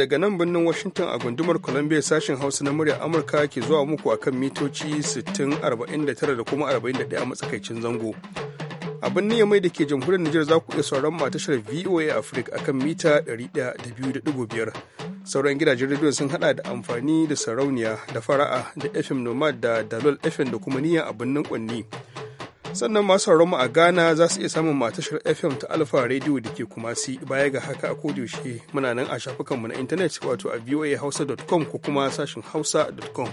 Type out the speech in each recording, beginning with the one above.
daga nan birnin Washington a gundumar Columbia sashen Hausa na muryar Amurka ke zuwa muku akan mitoci 6049 da kuma 41 a matsakaicin zango. Abin niyya mai da ke jamhuriyar Nijar za ku iya sauran matashar VOA Africa akan mita 102.5. Sauran gidajen rediyo sun hada da amfani da sarauniya da fara'a da FM Nomad da Dalol FM da kuma niyya a birnin Kwanni. sannan masu mu a ghana za su iya samun matashar fm ta alfa radio da ke kumasi baya ga haka a kodiyaushe muna nan a shafukanmu na intanet wato a voahausa.com ko kuma sashin hausa.com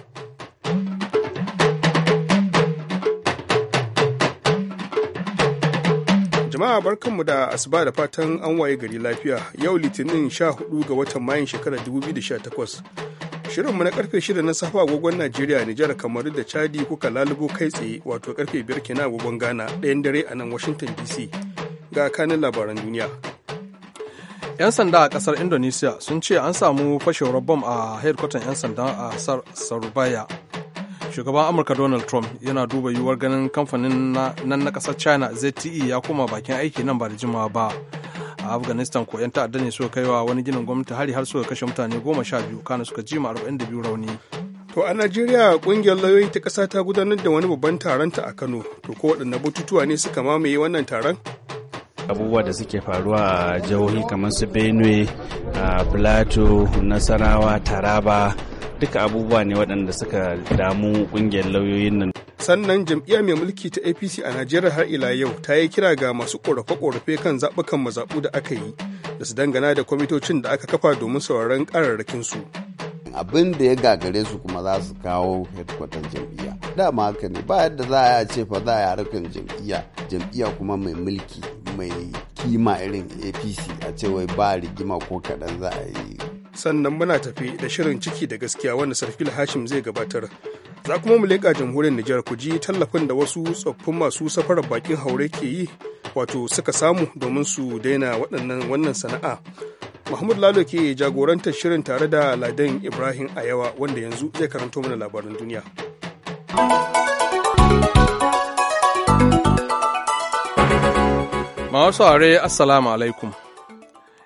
jama'a barkanmu da asuba da fatan an waye gari lafiya yau litinin 14 ga watan mayun shekarar 2018 Shirinmu na karfe 6 na safa agogon Najeriya, Nijar, Kamaru da Chadi kuka lalubo kai tsaye wato karfe 5 kina agogon Ghana ɗayan dare a nan Washington DC. Ga kanin labaran duniya. 'Yan sanda a kasar Indonesia sun ce an samu fashewar bom a headquarter 'yan sanda a Sarubaya. Shugaban Amurka Donald Trump yana duba yiwuwar ganin kamfanin nan na kasar China ZTE ya koma bakin aiki nan ba da jimawa ba. a afghanistan ko 'yan ta'adda ne suka kaiwa wani ginin gwamnati hari har suka kashe mutane goma sha biyu kana suka ji ma arba'in da biyu rauni to a najeriya kungiyar lauyoyi ta kasa ta gudanar da wani babban taron ta a kano to ko waɗanne batutuwa ne suka mamaye wannan taron abubuwa da suke faruwa a jihohi kamar su benue plateau nasarawa taraba duka abubuwa ne waɗanda suka damu kungiyar lauyoyin nan sannan jam'iyya mai mulki ta apc a najeriya har ila yau ta yi kira ga masu ƙorafe korafe kan zaɓukan mazaɓu da aka yi da su dangana da kwamitocin da aka kafa domin sauraron su abin da ya gagare su kuma za su kawo headquarter jam'iyya dama haka ne ba yadda za a ce fa za a yi harkar jam'iyya jam'iyya kuma mai mulki mai kima irin apc a ce wai ba rigima ko kaɗan za a yi sannan muna tafi da shirin ciki da gaskiya wanda sarfil hashim zai gabatar Za kuma mu leƙa jamhuriyar Nijar ku ji tallafin da wasu tsoffin masu safarar bakin haure ke yi wato suka samu domin su daina waɗannan wannan sana'a. Mahmud Lalo ke jagorantar shirin tare da Ladan Ibrahim Ayawa wanda yanzu zai karanto mana labaran duniya. Masu are Assalamu alaikum.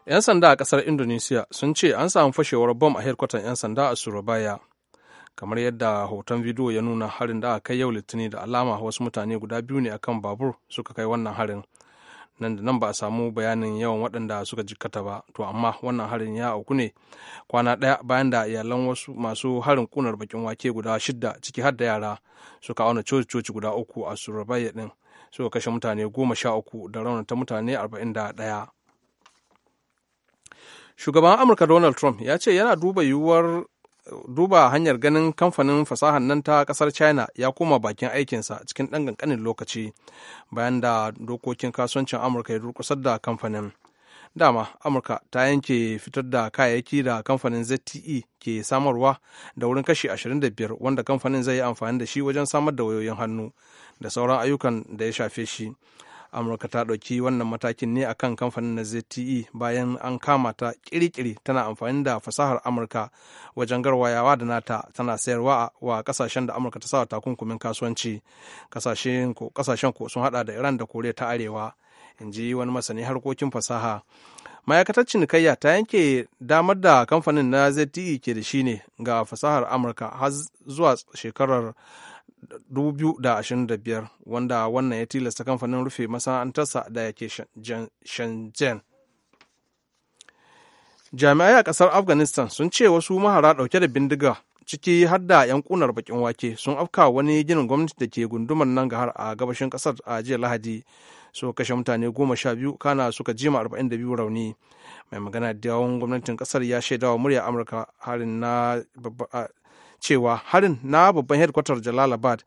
'Yan sanda a ƙasar Indonesia sun ce an samu fashewar bom a hedkwatan 'yan sanda a Surabaya. kamar yadda hoton bidiyo ya nuna harin da aka kai yau litinin da alama wasu mutane guda biyu ne akan babur suka kai wannan harin nan da nan ba a samu bayanin yawan waɗanda suka jikkata ba to amma wannan harin ya auku ne kwana ɗaya bayan da iyalan wasu masu harin kunar bakin wake guda shida ciki har da yara suka auna coci-coci guda uku a surabaya ɗin suka kashe mutane goma sha uku da raunata mutane arba'in da ɗaya shugaban amurka donald trump ya ce yana duba yiwuwar duba hanyar ganin kamfanin fasahar nan ta kasar china ya koma bakin aikinsa cikin ɗan ƙanƙanin lokaci bayan da dokokin kasuwancin amurka ya durkusar da kamfanin dama amurka ta yanke fitar da kayayyaki da kamfanin zte ke samarwa da wurin kashi 25 wanda kamfanin zai yi amfani da shi wajen samar da wayoyin hannu da sauran ayyukan da ya shafe shi amurka ta ɗauki wannan matakin ne akan kamfanin na zte bayan an kama ta kirikiri tana amfani da fasahar amurka wajen garwayawa da nata tana sayarwa wa kasashen da amurka ta sa takunkumin kasuwanci kasashen ko sun hada da iran da koriya ta arewa in ji wani masani harkokin fasaha ma'aikatar cinikayya ta yanke damar da kamfanin na zte ke da shi ne ga fasahar amurka har zuwa shekarar 2025 wanda wannan ya tilasta kamfanin rufe masana'antarsa da yake shenzhen jami'ai a kasar afghanistan sun ce wasu mahara dauke da bindiga ciki har da 'yan kunar bakin wake sun afka wani ginin gwamnati da ke gundumar nan har a gabashin kasar a jiya lahadi su kashe mutane goma sha biyu kana suka jima arba'in da biyu rauni mai magana da yawon gwamnatin kasar ya shaidawa murya amurka harin na cewa harin na babban hedkwatar jalalabad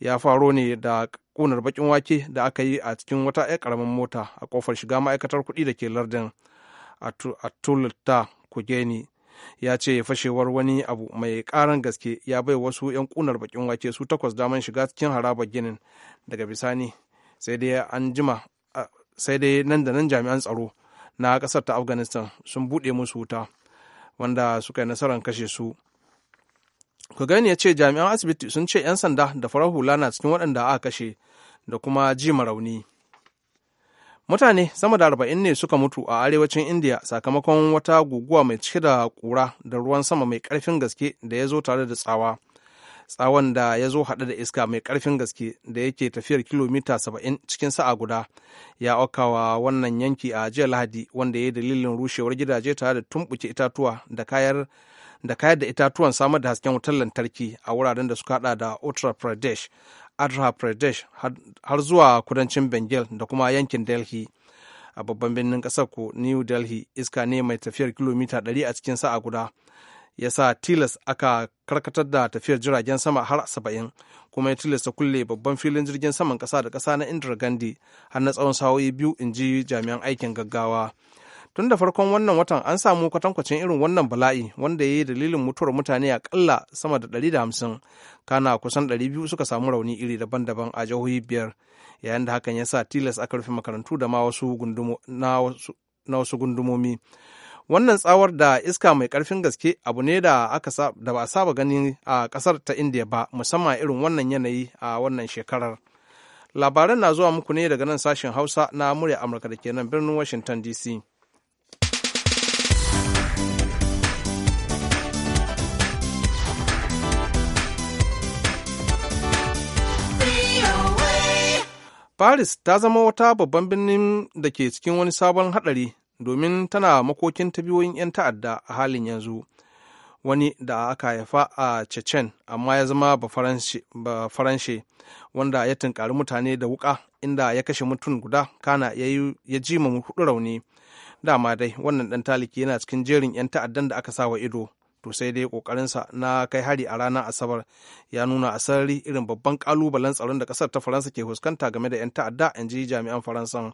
ya faro ne da kunar bakin wake da aka yi a cikin wata 'yar karamin mota a kofar shiga ma'aikatar kuɗi da ke lardin tulta kugeni ya ce fashewar wani abu mai karan gaske ya bai wasu 'yan kunar bakin wake su takwas daman shiga cikin harabar ginin daga bisani sai dai an jima sai dai nan da nan jami'an tsaro na kasar ta afghanistan sun buɗe musu wuta wanda suka yi nasarar kashe su gani ya ce jami'an asibiti sun ce 'yan sanda da farar hula na cikin waɗanda aka kashe da kuma ji rauni. Mutane sama da arba'in ne suka mutu a arewacin indiya sakamakon wata guguwa mai cike da ƙura da ruwan sama mai ƙarfin gaske da ya zo tare da tsawa. Tsawon da ya zo haɗe da iska mai ƙarfin gaske da yake tafiyar kilomita saba'in cikin sa'a guda ya aukawa wannan yanki a jiya Lahadi wanda ya yi dalilin rushewar gidaje tare da tumɓuke itatuwa da kayan da kayar da itatuwan samar da hasken wutar lantarki a wuraren da suka hada da uttar pradesh adhra pradesh har zuwa kudancin bengal da kuma yankin delhi a babban birnin kasar ko new delhi iska ne mai tafiyar kilomita 100 a cikin sa'a guda ya sa tilas aka karkatar da tafiyar jiragen sama har 70 kuma ya tilasta kulle babban filin jirgin saman kasa da kasa na indira gandhi har na tsawon sa'o'i biyu in ji jami'an aikin gaggawa tun da farkon wannan watan an samu kwatankwacin irin wannan bala'i wanda ya yi dalilin mutuwar mutane a kalla sama da 150 kana kusan 200 suka samu rauni iri daban-daban a jihohi biyar yayin da hakan ya sa tilas aka rufe makarantu da ma wasu na wasu gundumomi wannan tsawar da iska mai karfin gaske abu ne da aka da ba a saba gani a kasar ta indiya ba musamman irin wannan yanayi a wannan shekarar labaran na zuwa muku ne daga nan sashen hausa na murya amurka da ke nan birnin washington dc Paris ta zama wata babban birnin da ke cikin wani sabon hadari domin tana makokin tabiyoyin 'yan ta'adda a halin yanzu. Wani da aka haifa a Chechen amma ya zama ba faranshe wanda ya tunkari mutane da wuka inda ya kashe mutum guda kana ya ji ma hudu rauni. Dama dai wannan dan taliki yana cikin jerin 'yan ta'addan da aka sa wa ido. to sai dai kokarinsa na kai hari a ranar asabar ya nuna a sarari irin babban kalubalen tsaron da kasar ta faransa ke fuskanta game da 'yan ta'adda in ji jami'an faransan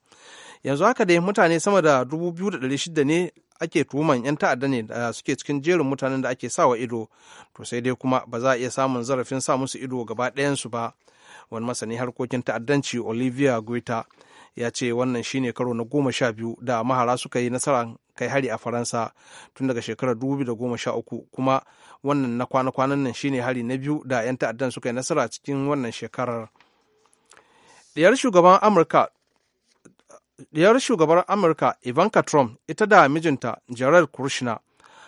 yanzu haka dai mutane sama da 2,600 ne ake tuhuman 'yan ta'adda ne da suke cikin jerin mutanen da ake sawa ido to sai dai kuma ba za a iya samun zarafin sa musu ido gaba ɗayansu ba wani masani harkokin ta'addanci olivia guita ya ce wannan shine karo na goma sha biyu da mahara suka yi nasara. kai hari a faransa tun daga shekarar 2013 kuma wannan na kwana-kwanan nan shine hari na biyu da 'yan ta'addan suka yi nasara cikin wannan shekarar diyar shugaban amurka diyar shugabar amurka ivanka trump ita da mijinta jared kushner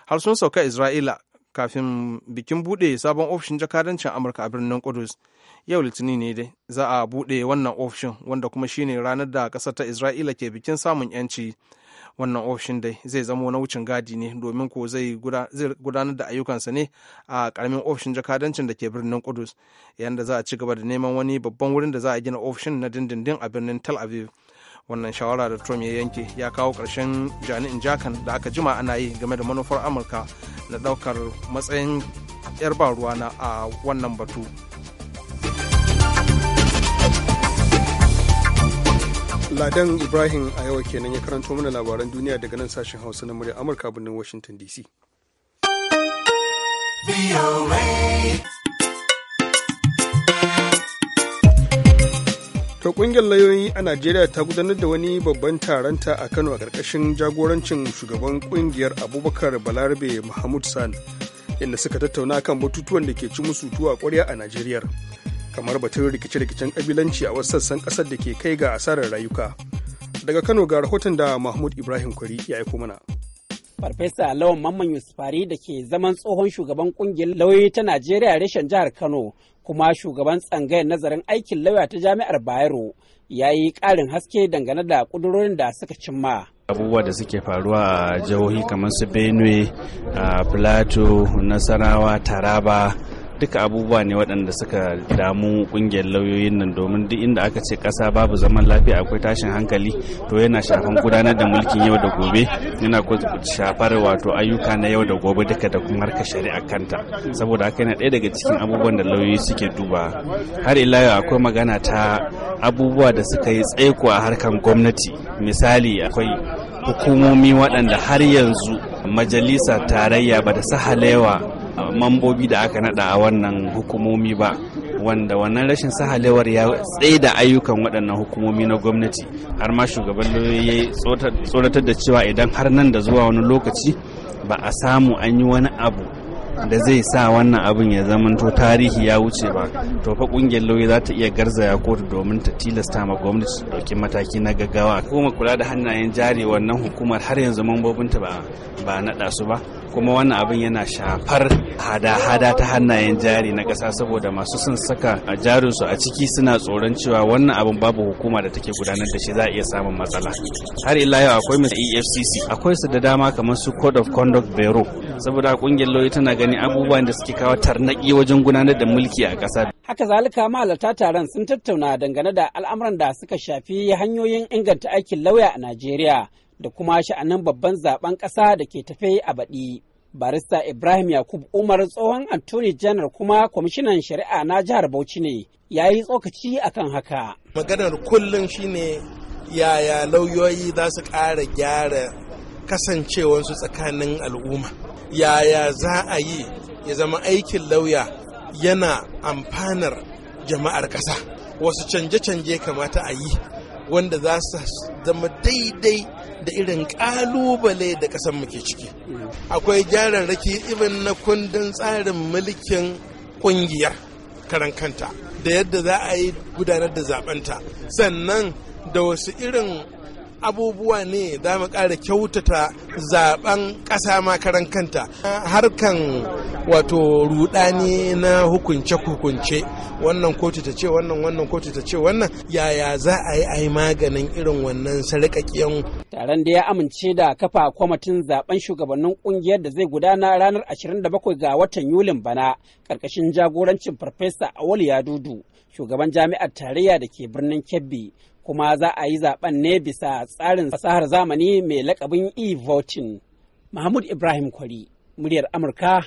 har sun sauka isra'ila kafin bikin buɗe sabon ofishin jakadancin amurka a birnin kudus yau litinin ne dai za a buɗe wannan ofishin wanda kuma shine ranar da ƙasar ta isra'ila ke bikin samun yanci wannan ofishin dai zai zamo na wucin gadi ne domin ko zai gudanar da ayyukansa ne a karamin ofishin jakadancin da ke birnin kudus yayin da za a ci gaba da neman wani babban wurin da za a gina ofishin na dindindin a birnin tel aviv wannan shawara da trump ya yanke ya kawo ƙarshen jani'in jakan da aka jima ana yi game da manufar amurka na ɗaukar matsayin 'yar ba ruwana a wannan batu. Ladan Ibrahim a yawa kenan ya karanto mana labaran duniya daga nan sashen Hausa na murya Amurka birnin Washington DC. ta kungiyar layoyi a Najeriya ta gudanar da wani babban taronta a Kano a ƙarƙashin jagorancin shugaban kungiyar Abubakar Balarabe Mahmud San inda suka tattauna kan batutuwan da ke ci musu tuwa kwarya a Najeriya. kamar batun rikice-rikicen kabilanci a wasu sassan kasar da ke kai ga asarar rayuka daga kano ga rahoton da mahmud ibrahim kwari ya aiko mana Farfesa Lawan Mamman Yusufari da ke zaman tsohon shugaban kungiyar lauyoyi ta Najeriya reshen jihar Kano kuma shugaban tsangayar nazarin aikin lauya ta jami'ar Bayero ya yi ƙarin haske dangane da ƙudurorin da suka cimma. abubuwa da suke faruwa a jihohi kamar su benue plateau nasarawa taraba duka abubuwa ne waɗanda suka damu ƙungiyar lauyoyin nan domin duk inda aka ce ƙasa babu zaman lafiya akwai tashin hankali to yana shafan gudanar da mulkin yau da gobe yana shafar wato ayyuka na yau da gobe duka da kuma harkar shari'a kanta saboda haka yana ɗaya daga cikin abubuwan da lauyoyi suke duba har ila yau akwai magana ta abubuwa da suka yi tsaiko a harkar gwamnati misali akwai hukumomi waɗanda har yanzu majalisa tarayya ba da sahalewa mambobi da aka nada a wannan hukumomi ba wanda wannan rashin sahalewar ya tsaye da ayyukan waɗannan hukumomi na gwamnati har ma shugaban lauyoyi ya tsoratar da cewa idan har nan da zuwa wani lokaci ba a samu an yi wani abu da zai sa wannan abin ya zamanto tarihi ya wuce ba to fa kungiyar lauyi za ta iya garzaya kotu domin ta tilasta ma gwamnati su dauki mataki na gaggawa kuma kula da hannayen jari wannan hukumar har yanzu mambobinta ba ba naɗa su ba kuma wannan abin yana shafar hada-hada ta hannayen jari na ƙasa saboda masu sun saka a jarinsu a ciki suna tsoron cewa wannan abin babu hukuma da take gudanar da shi za a iya samun matsala har ila yau akwai mai efcc akwai su da dama kamar su code of conduct bureau saboda kungiyar lauyi tana gani abubuwan da suke kawo tarnaki wajen gudanar da mulki a ƙasa haka zalika mahalarta taron sun tattauna dangane da al'amuran da suka shafi hanyoyin inganta aikin lauya a najeriya da kuma sha'anin babban zaben ƙasa da ke tafe a baɗi. Barista Ibrahim Yakub Umar tsohon Attorney janar kuma kwamishinan shari'a na jihar Bauchi ne ya yi tsokaci akan haka. Maganar kullum shine yaya lauyoyi za su ƙara gyara kasancewarsu tsakanin al'umma. Yaya za a yi ya zama aikin lauya yana amfanar jama'ar ƙasa. Wasu canje-canje kamata a yi wanda za su zama daidai da irin kalubale da ƙasar muke ciki akwai gyararraki irin na kundin tsarin mulkin ƙungiyar karankanta da yadda za a yi gudanar da zaɓenta sannan da wasu irin abubuwa ne za mu ƙara kyautata zaben ƙasa makaran kanta harkan wato rudani na hukunce-hukunce wannan kotu ta ce wannan wannan kotu ta ce wannan yaya za a yi a yi maganin irin wannan sarƙaƙiyan taron da ya amince da kafa kwamitin zaben shugabannin kungiyar da zai gudana ranar 27 ga watan yulin bana ƙarƙashin jagorancin farfesa awali dudu, shugaban jami'ar tarayya da ke birnin kebbi kuma za a yi zaben ne bisa tsarin fasahar zamani mai lakabin e-voting. Mahmud Ibrahim Kwari, muryar Amurka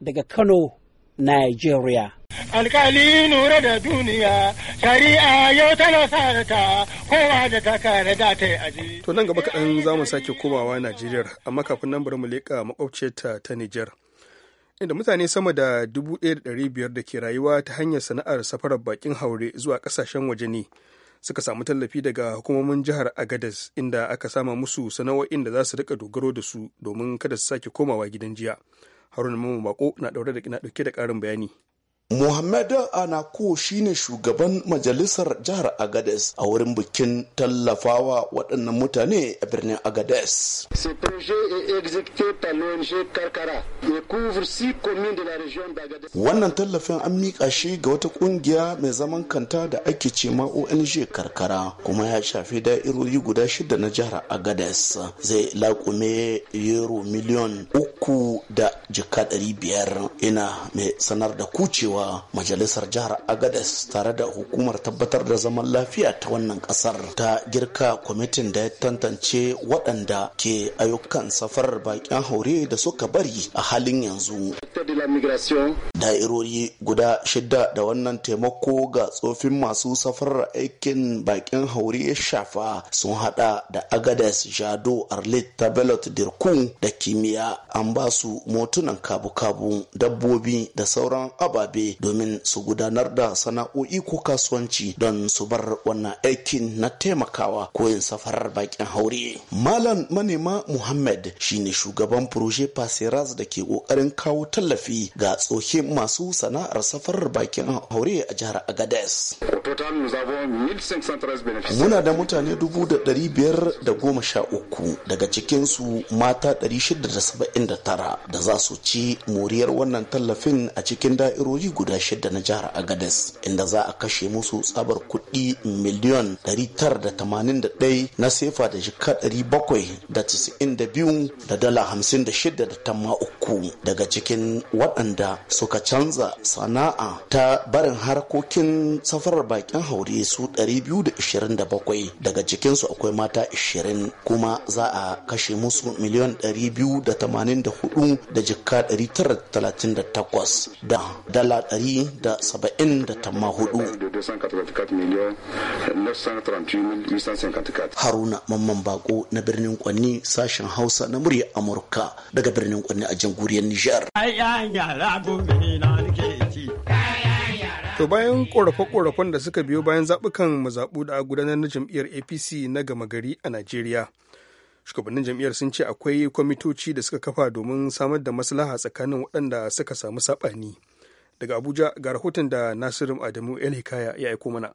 daga Kano, Nigeria. Alkali nura da duniya, shari'a yau tana sarata kowa da ta da ta yi aji. To nan gaba kaɗan za mu sake komawa Najeriya, amma kafin nan bari mu leƙa makwabciyarta ta Nijar. inda mutane sama da 1,500 da ke rayuwa ta hanyar sana'ar safarar bakin haure zuwa ƙasashen waje ne suka samu tallafi daga hukumomin jihar agadas inda aka sama musu sana'o'in da za su rika dogaro da su domin kada su sake komawa gidan jiya haruna mamman bako na ɗauke da ƙarin bayani Muhammad Anako shine shugaban majalisar jihar Agades a wurin bikin tallafawa waɗannan mutane a birnin Agades. Wannan tallafin an miƙa shi ga wata ƙungiya mai zaman kanta da ake ce ma ONG karkara kuma ya shafi da'irori guda shida na jihar Agades zai laƙume euro miliyon uku da jika ɗari biyar ina mai sanar da kucewa cewa majalisar jihar Agadez tare da hukumar tabbatar da zaman lafiya ta wannan kasar ta girka kwamitin da ya tantance waɗanda ke ayyukan safarar bakin haure da suka bari a halin yanzu. Da'irori guda shida da wannan taimako ga tsofin masu safarar aikin bakin haure ya shafa sun hada da Agadez, Jado, Arlit, Tabelot, Dirkun da Kimiyya an ba su motunan kabu-kabu, dabbobi da sauran ababe aure domin su gudanar da sana'o'i ko kasuwanci don su bar wannan aikin na taimakawa koyin safarar bakin haure. Malam manema Muhammad shine shugaban Proje Paseras da ke kokarin kawo tallafi ga tsohe masu sana'ar safarar bakin haure a jihar agades Muna da mutane dubu da ɗari biyar da goma sha uku daga cikinsu mata ɗari shida da saba'in da tara da za su ci moriyar wannan tallafin a cikin da'irori guda shida na jihar agadez inda za a kashe musu tsabar kuɗi miliyon 981 na sefa da jika 792 da dala 56 da tamma uku daga cikin waɗanda suka canza sana'a ta barin harkokin safarar bakin haure su 227 daga cikinsu akwai mata 20 kuma za a kashe musu miliyon 284 da jika 938 da dala naira haruna mamman bako na birnin kwanni sashen hausa na murya amurka daga birnin kwanni a jamhuriyar nijar To bayan korafe-korafen da suka biyo bayan zaɓukan mazaɓu da gudanar na jam'iyyar APC na gama gari a Najeriya. Shugabannin jam'iyyar sun ce akwai kwamitoci da suka kafa domin samar da maslaha tsakanin waɗanda suka samu saɓani. daga abuja ga rahoton da nasiru adamu el hikaya ya aiko mana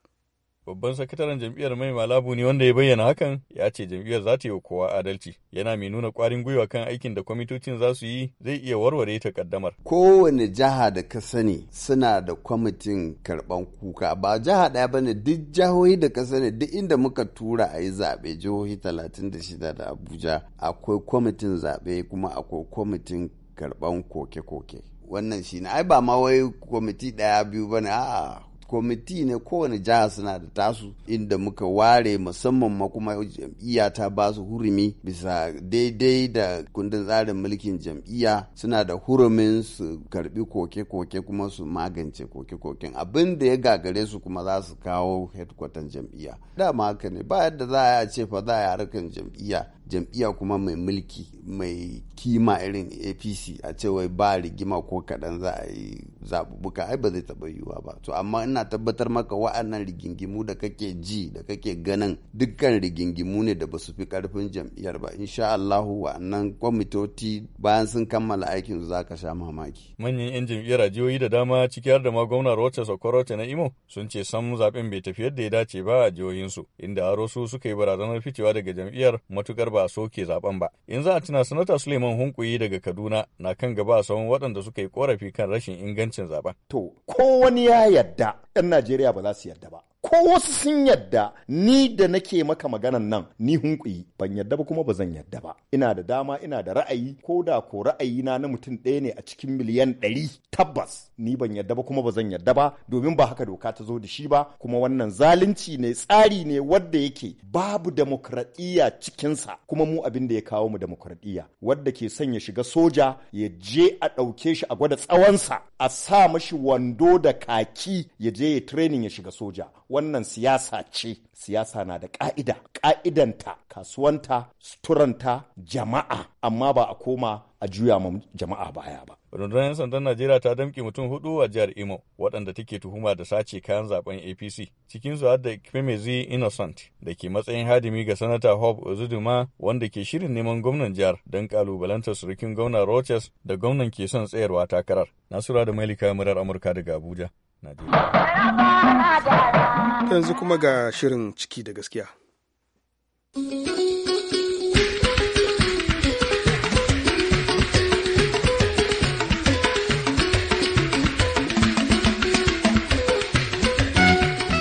babban sakataren jam'iyyar mai malabu ne wanda ya bayyana hakan ya ce jam'iyyar za ta yi kowa adalci yana mai nuna kwarin gwiwa kan aikin da kwamitocin za su yi zai iya warware ta kaddamar kowane jiha da ka sani suna da kwamitin karban kuka ba jiha ɗaya ba ne duk jihohi da ka sani duk inda muka tura a yi zaɓe jihohi talatin da shida da abuja akwai kwamitin zaɓe kuma akwai kwamitin karban koke-koke wannan shi ne ai ba ma wai kwamiti ɗaya biyu ba ne a'a kwamiti ne kowane jiha suna da tasu inda muka ware musamman ma kuma jam'iyya ta ba su hurumi bisa daidai da kundin tsarin mulkin jam'iyya suna da hurumin su karbi koke-koke kuma su magance koke-koken abin ya gagare su kuma za su kawo hedkwatan jam'iyya dama haka ne ba yadda za a ce fa za a yi harkar jam'iyya jam'iyya kuma mai mulki mai kima irin apc a cewa ba rigima ko kaɗan za a yi zaɓuɓɓuka ai ba zai taɓa yiwuwa ba to amma ina tabbatar maka wa'annan rigingimu da kake ji da kake ganin dukkan rigingimu ne da ba su fi ƙarfin jam'iyyar ba insha Allahu wa'annan kwamitoti bayan sun kammala aikin za ka sha mamaki. manyan 'yan jam'iyyar ajiyoyi da dama ciki har da ma gwamna Rocha Sokorote na Imo sun ce sam zaɓen bai tafi yadda ya dace ba a jihohinsu inda aro su suka yi barazanar ficewa daga jam'iyyar matukar ba ba so ke zaben ba in za a tuna sanata suleiman hunkuyi daga kaduna na kan gaba a sauran waɗanda suka yi korafi kan rashin ingancin zaben to ko wani ya yadda 'yan najeriya ba za su yadda ba ko wasu sun yadda ni da nake maka maganan nan ni hunkuyi ban yadda ba kuma ba yadda ba ina da dama ina da ra'ayi ko da ko ra'ayi na mutum ɗaya ne a cikin miliyan ɗari tabbas ni ban yadda ba kuma bazan zan yadda ba domin ba haka doka ta zo da shi ba kuma wannan zalunci ne tsari ne wadda yake babu demokradiyya cikinsa kuma mu abin da ya kawo mu demokradiyya wadda ke son ya shiga soja ya je a ɗauke shi a gwada tsawonsa a sa mashi wando da kaki ya je ya training ya shiga soja wannan siyasa ce siyasa na da ka'ida ka'idanta kasuwanta suturanta jama'a amma ba a koma a juya ma jama'a baya ba rundunar 'yan sandan najeriya ta damke mutum hudu a jihar imo waɗanda take tuhuma da sace kayan zaben apc cikin har da kimezi innocent da ke matsayin hadimi ga sanata hob ozuduma wanda ke shirin neman gwamnan jihar don kalubalantar surukin gwamnan rochers da gwamnan ke son tsayarwa takarar nasura da mailika murar amurka daga abuja najeriya Yanzu kuma ga shirin ciki da gaskiya.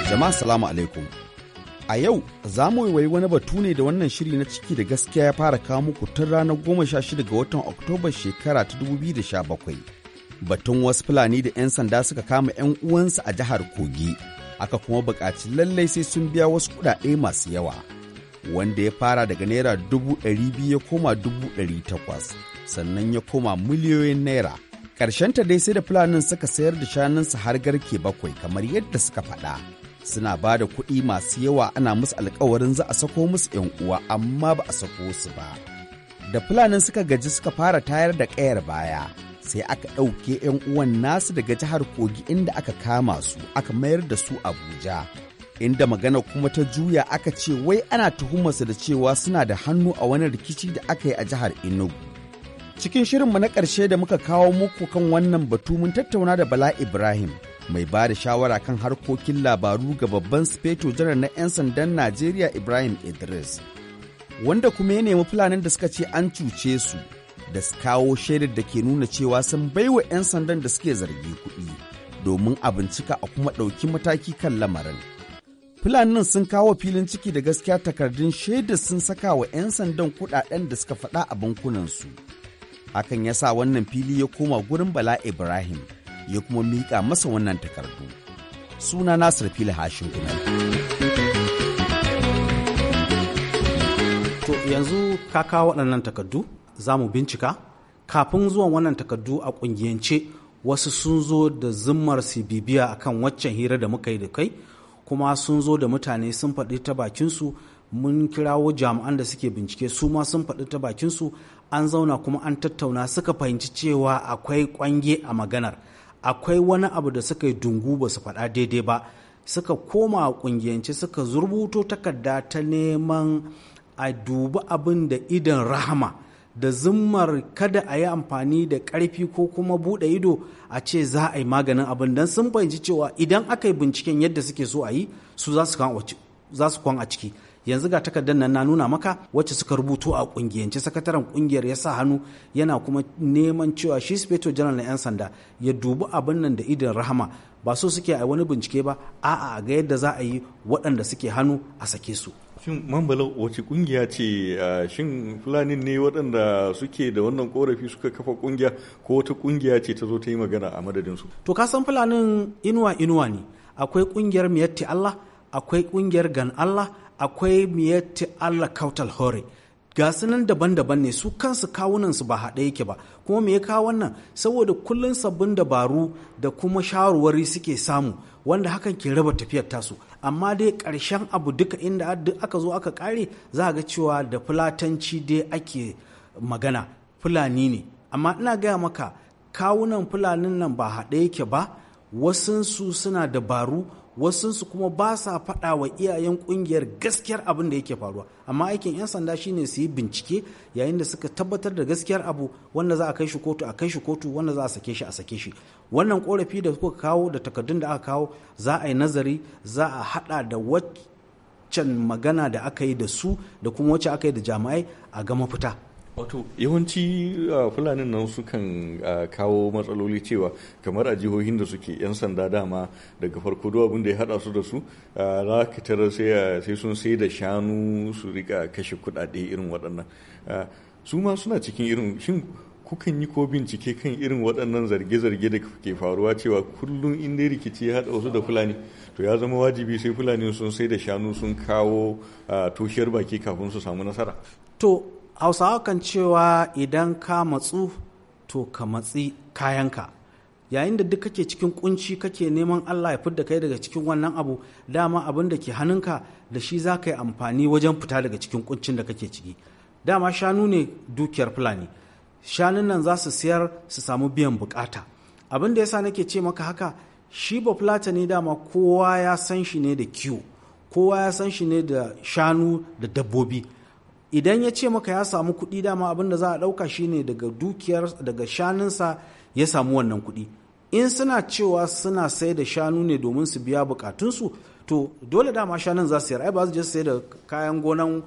Jama'a salamu alaikum. A yau za mu yi wani batu ne da wannan shiri na ciki da gaskiya ya fara kawo muku tun ranar goma sha shida ga watan Oktoba shekara ta dubu biyu da sha bakwai. Batun wasu Fulani da 'yan sanda suka kama 'yan uwansa a jihar Kogi aka kuma buƙaci lallai sai sun biya wasu kuɗaɗe masu yawa wanda ya fara daga naira dubu ɗari biyu ya koma dubu ɗari takwas sannan ya koma miliyoyin naira ta dai sai da fulanin suka sayar da su har garke bakwai kamar yadda suka faɗa suna ba da kuɗi masu yawa ana musu alkawarin za a sako musu 'yan uwa amma ba a sako su ba da fulanin suka gaji suka fara tayar da ƙayar baya sai aka ɗauke 'yan uwan nasu daga jihar kogi inda aka kama su aka mayar da su abuja inda magana kuma ta juya aka ce wai ana tuhumarsa da cewa suna da hannu a wani rikici da aka yi a jihar enugu cikin shirinmu na ƙarshe da muka kawo muku kan wannan batu mun tattauna da bala ibrahim mai ba da shawara kan harkokin labaru ga babban sufeto janar na 'yan sandan najeriya ibrahim idris wanda kuma ya nemi fulanin da suka ce an cuce su da su kawo shaidar da ke nuna cewa sun baiwa 'yan sandan da suke zargi kuɗi domin a bincika a kuma ɗauki mataki kan lamarin. Fulanin sun kawo filin ciki da gaskiya takardun shaidar sun saka wa 'yan sandan kuɗaɗen da suka faɗa a bankunansu. Hakan ya sa wannan fili ya koma gurin Bala Ibrahim ya kuma miƙa masa wannan takardu. Suna Nasir Fili Hashin To yanzu ka kawo waɗannan takardu za mu bincika kafin zuwan wannan takardu a kungiyance wasu sun zo da zimmar su bibiya akan waccan hira da muka yi da kai kuma sun zo da mutane sun faɗi ta bakinsu mun kirawo jami'an da suke bincike su ma sun faɗi ta bakinsu an zauna kuma an tattauna suka fahimci cewa akwai kwange a maganar akwai wani abu da suka yi dungu ba su faɗa daidai ba suka koma a kungiyance suka zurbuto takarda ta neman a dubi abin da idan rahama da zummar kada a yi amfani da ƙarfi ko kuma buɗe ido a ce za a yi maganin abin don sun fahimci cewa idan aka yi binciken yadda suke so a yi su za su kwan a ciki yanzu ga takardar nan na nuna maka wacce suka rubutu a kungiyance sakataren kungiyar ya sa hannu yana kuma neman cewa shi speto janar na 'yan sanda ya dubi abin nan da idan rahama ba so suke a wani bincike ba a'a ga yadda za a yi waɗanda suke hannu a sake su shin mambala wace kungiya ce shin fulani ne waɗanda suke da wannan korafi suka kafa kungiya ko wata kungiya ce ta zo ta yi magana a madadinsu to ka san fulanin inuwa inuwa ne akwai kungiyar miyatti allah akwai kungiyar gan allah akwai miyatti allah kautal hore gasu nan daban-daban ne su kansu kawunan su ba haɗe yake ba kuma me ya kawo wannan saboda kullun sabbin dabaru da kuma shawarwari suke samu wanda hakan ke raba tafiyar tasu amma dai karshen abu duka inda aka zo aka ƙare za ga cewa da fulatanci dai ake magana fulani ne amma ina gaya maka kawunan fulanin nan ba haɗe yake ba wasansu suna dabaru wasunsu kuma ba sa faɗa wa iyayen ƙungiyar gaskiyar abin da yake faruwa amma aikin 'yan sanda shine su yi bincike yayin da suka tabbatar da gaskiyar abu wanda za a kai shi kotu a kai shi kotu wanda za a sake shi a sake shi wannan korafi da kuka kawo da takardun da aka kawo za a yi nazari za a haɗa da waccan magana da aka yi da su da kuma wacce aka yi da jami'ai a ga mafita wato yawanci fulanin nan sukan kawo matsaloli cewa kamar a jihohin da suke 'yan sanda dama daga farko duk abin da ya hada su da su za ka tara sai sun sai da shanu su rika kashe kudade irin waɗannan su ma suna cikin irin shin kukan yi ko bincike kan irin waɗannan zarge-zarge da ke faruwa cewa kullum in dai rikici ya hada wasu da fulani to ya zama wajibi sai fulani sun sai da shanu sun kawo toshiyar baki kafin su samu nasara to hausawa kan cewa idan ka matsu to ka matsi kayanka yayin da duk kake cikin kunci kake neman allah ya fidda kai daga cikin wannan abu dama abin da ke hannunka da shi za ka yi amfani wajen fita daga cikin kuncin da kake ciki dama shanu ne dukiyar fulani shanun nan za su siyar su samu biyan bukata abin da yasa nake ce maka haka shi ba fulata ne dama kowa ya san shi ne da kiwo kowa ya san shi ne da shanu da dabbobi idan ya ce maka ya samu kuɗi dama abin da za a ɗauka shine daga dukiyar daga shanunsa ya samu wannan kuɗi in suna cewa suna sai da shanu ne domin su biya bukatunsu to dole dama shanun za su yar ai ba su je sai da kayan gonan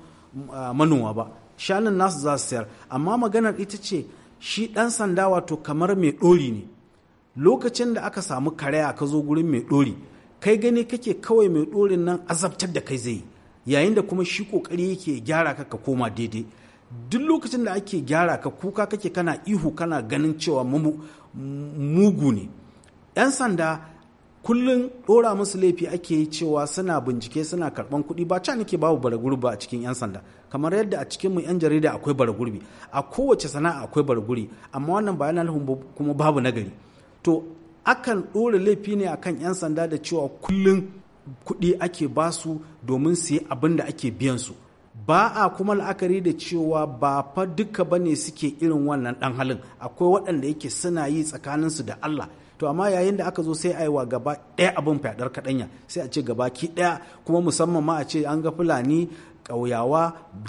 ah, manoma ba shanun nasu za su sayar amma maganar ita ce shi ɗan sanda wato kamar mai ɗori ne lokacin da aka samu karaya ka zo gurin mai ɗori kai gani kake kawai mai ɗorin nan azabtar da kai zai yi yayin da kuma shi kokari yake gyara ka ka koma daidai duk lokacin da ake gyara ka kuka kake kana ihu kana ganin cewa mugu ne 'yan sanda kullum dora musu laifi ake yi cewa suna bincike suna karban kuɗi ba can nake babu baragurbi a cikin 'yan sanda kamar yadda a cikin mu 'yan jarida akwai baragurbi a kowace sana'a akwai baraguri amma wannan ba yana kuma babu nagari to akan ɗora laifi ne akan 'yan sanda da cewa kullum kuɗi ake ba su domin su yi abin da ake su ba a kuma la'akari da cewa ba fa duka ba ne suke irin wannan ɗan halin akwai waɗanda yake suna yi tsakanin su da Allah to amma yayin da aka zo sai a yi wa gaba ɗaya abin fyaɗar kaɗanya sai a ce gaba ki ɗaya kuma musamman ma a ce an ga fulani ƙauyawa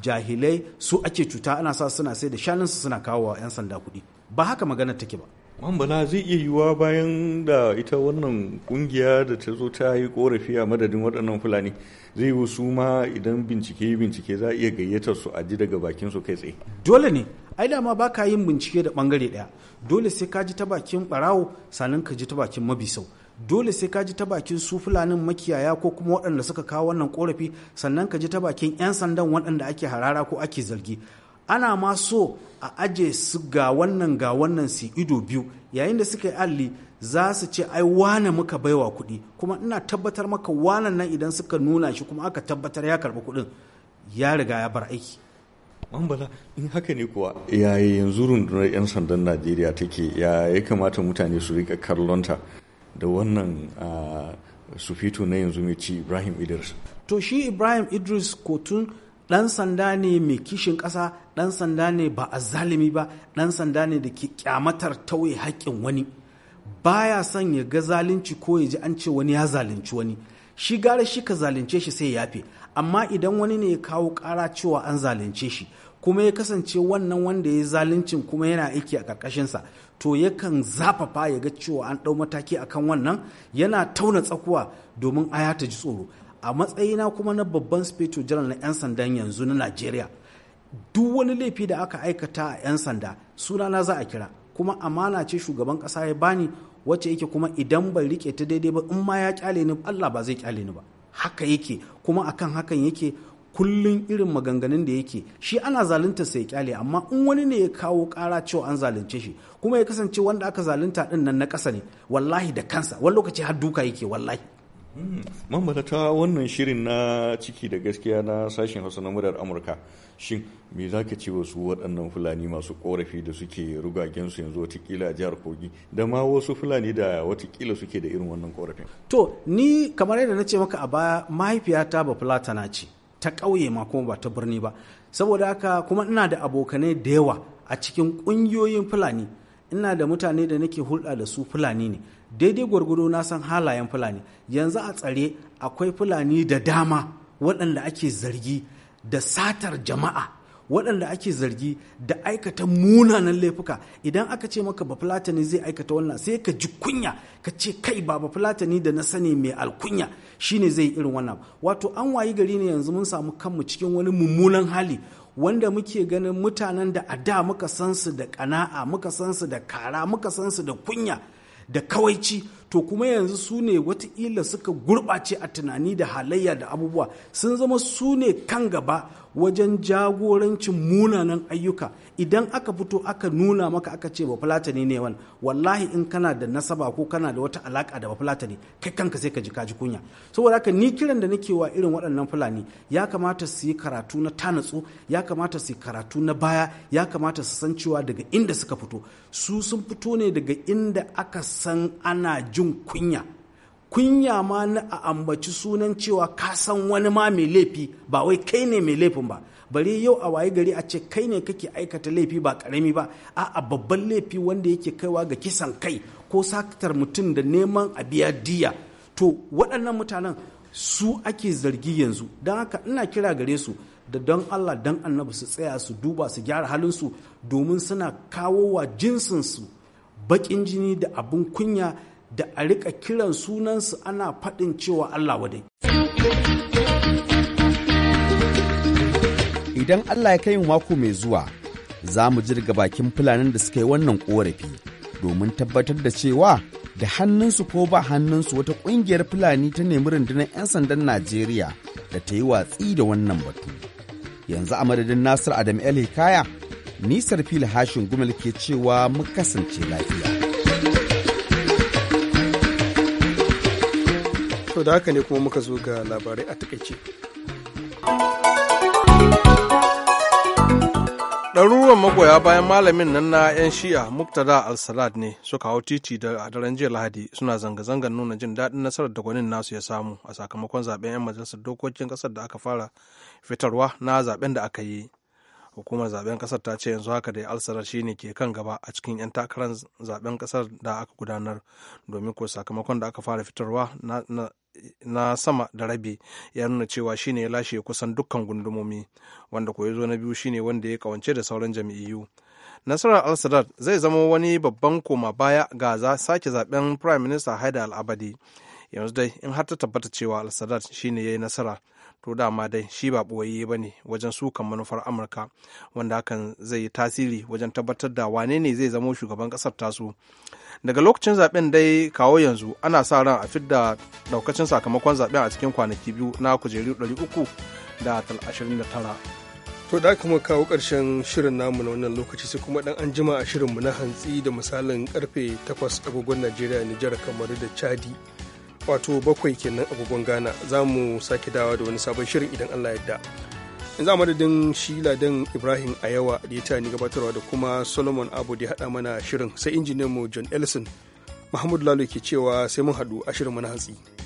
jahilai su ake cuta ana sa suna sai da shanunsu suna kawo wa 'yan sanda kuɗi ba haka magana take ba mambana zai iya yiwuwa bayan da ita wannan kungiya da ta zo ta yi korafi a madadin waɗannan fulani zai yi su ma idan bincike bincike za a iya gayyatar su a ji daga bakin su kai tsaye. Dole ne, ai dama ba ka yin bincike da bangare ɗaya. Dole sai ka ji ta bakin ɓarawo sannan ka ji ta bakin mabisau. dole sai ka ji ta bakin su fulanin makiyaya ko kuma waɗanda suka kawo wannan korafi sannan ka ji ta bakin 'yan sandan waɗanda ake harara ko ake zargi ana ma so a aje su ga wannan ga wannan su ido biyu yayin da suka yi alli za su ce ai wane muka baiwa kuɗi kuma ina tabbatar maka wanan nan idan suka nuna shi kuma aka tabbatar ya karɓi kuɗin ya riga ya bar aiki mambala in haka ne kuwa yayi yanzu rundunar 'yan sandan najeriya take ya ya kamata mutane su rika kallonta da wannan su fito na yanzu mai ci ibrahim idris to shi ibrahim idris kotun ɗan sanda ne mai kishin ƙasa ɗan sanda ne ba a zalimi ba ɗan sanda ne da ke kyamatar tauye haƙƙin wani baya son ya ga zalunci ko ya ji an ce wani ya zalunci wani shi gara shi ka zalunce shi sai ya yafe amma idan wani ne ya kawo ƙara cewa an zalunce shi kuma ya kasance wannan wanda ya zaluncin kuma yana aiki a ƙarƙashinsa to yakan zafafa ya ga cewa an ɗau mataki akan wannan yana tauna tsakuwa domin aya ta ji tsoro a matsayina kuma na babban speto general na 'yan sandan yanzu na najeriya duk wani laifi da aka aikata a 'yan sanda sunana za a kira kuma amana ce shugaban kasa ya bani wacce yake kuma idan bai rike ta daidai ba in ma ya kyale ni allah ba zai kyale ni ba haka yake kuma akan hakan yake kullun irin maganganun da yake shi ana zalunta sai kyale amma in wani ne ya kawo kara cewa an zalunce shi kuma ya kasance wanda aka zalunta din nan na kasa ne wallahi da kansa wani lokaci har duka yake wallahi ta wannan shirin na ciki da gaskiya na sashen hausa na muryar amurka shin me za ka ce wasu waɗannan fulani masu ƙorafi da suke rugagensu yanzu watakila a jihar kogi da ma wasu fulani da watakila suke da irin wannan ƙorafin. to ni kamar yadda na ce maka a baya mahaifiyata ba fulatana ce ta ƙauye ma kuma ba ta birni ba saboda haka kuma ina da abokanai da yawa a cikin ƙungiyoyin fulani ina da mutane da nake hulɗa da su fulani ne daidai gwargwado na san halayen fulani yanzu a tsare akwai fulani da dama waɗanda ake zargi da satar jama'a waɗanda ake zargi da aikata munanan laifuka idan aka ce maka ba zai aikata wannan sai ka ji kunya ka ce kai ba ba da na sani mai alkunya shine zai irin wannan wato an wayi gari ne yanzu mun samu kanmu cikin wani mummunan hali wanda muke ganin mutanen da a da muka san su da kana'a muka san su da kara muka san su da kunya da kawaici to kuma yanzu su ne watakila suka gurɓace a tunani da halayya da abubuwa sun zama su ne kan gaba wajen jagorancin munanan ayyuka idan aka fito aka nuna maka aka ce ba fulata ne wani wallahi in kana da nasaba ko kana da wata alaka da ba ne kai kanka sai ka ji kaji kunya saboda haka ni kiran da nake wa irin waɗannan fulani ya kamata su yi karatu na tanatsu ya kamata su yi karatu na baya ya kamata su san cewa daga inda suka fito su sun fito ne daga inda aka san ana jin jin kunya kunya ma na a ambaci sunan cewa ka san wani ma mai laifi ba wai kai ne mai laifin ba bari yau a waye gari a ce kai ne kake aikata laifi ba karami ba a babban laifi wanda yake kaiwa ga kisan kai ko sakatar mutum da neman a biya diya to waɗannan mutanen su ake zargi yanzu don haka ina kira gare su da don Allah don annabi su tsaya su duba su gyara halinsu domin suna kawo wa jinsinsu baƙin jini da abin kunya da a rika kiran sunansu ana faɗin cewa Allah wadai. Idan Allah ya kai mako mai zuwa, za mu jirga bakin fulanin da suka yi wannan korafi domin tabbatar da cewa da hannunsu ko ba hannunsu wata ƙungiyar fulani ta nemi rundunar 'yan sandan Najeriya da ta yi watsi da wannan batu. Yanzu a madadin Nasir Adam El Hikaya, nisar fil hashin gumel ke cewa mu kasance lafiya. to da haka ne kuma muka zo ga labarai a takaice ɗaruruwan magoya bayan malamin nan na 'yan shi'a muktada al-salad ne suka hau titi da daren jiya lahadi suna zanga-zangar nuna jin daɗin nasarar da gwanin nasu ya samu a sakamakon zaɓen 'yan majalisar dokokin ƙasar da aka fara fitarwa na zaɓen da aka yi hukumar zaben kasar ta ce yanzu haka da shi ne ke kan gaba a cikin 'yan takarar zaben kasar da aka gudanar domin ko sakamakon da aka fara fitarwa na, sama da rabi ya nuna cewa shi ne ya lashe kusan dukkan gundumomi wanda ko zo na biyu shine wanda ya kawance da sauran jam'iyyu nasarar al zai zama wani babban koma baya ga sake zaben prime minister haida al'abadi yanzu dai in har ta tabbata cewa al-sadat shine ya yi nasara to dama dai shi ba ɓoyayye ba ne wajen sukan manufar amurka wanda hakan zai yi tasiri wajen tabbatar da wane ne zai zamo shugaban ƙasar tasu daga lokacin zaben dai kawo yanzu ana sa ran a fidda daukacin sakamakon zaben a cikin kwanaki biyu na kujeru 329 to da aka kawo karshen shirin namu na wannan lokaci sai kuma dan anjima a shirin shirinmu na hantsi da misalin karfe 8 agogon najeriya nijar kamar da chadi wato bakwai kenan agogon ghana za mu sake dawa da wani sabon shirin idan allah yadda yanzu a madadin shi ladan ibrahim ayawa da ya ta ni gabatarwa da kuma solomon abu da ya haɗa mana shirin sai injiniyanmu john ellison mahmud lalo ke cewa sai mun haɗu a shirin mana hatsi.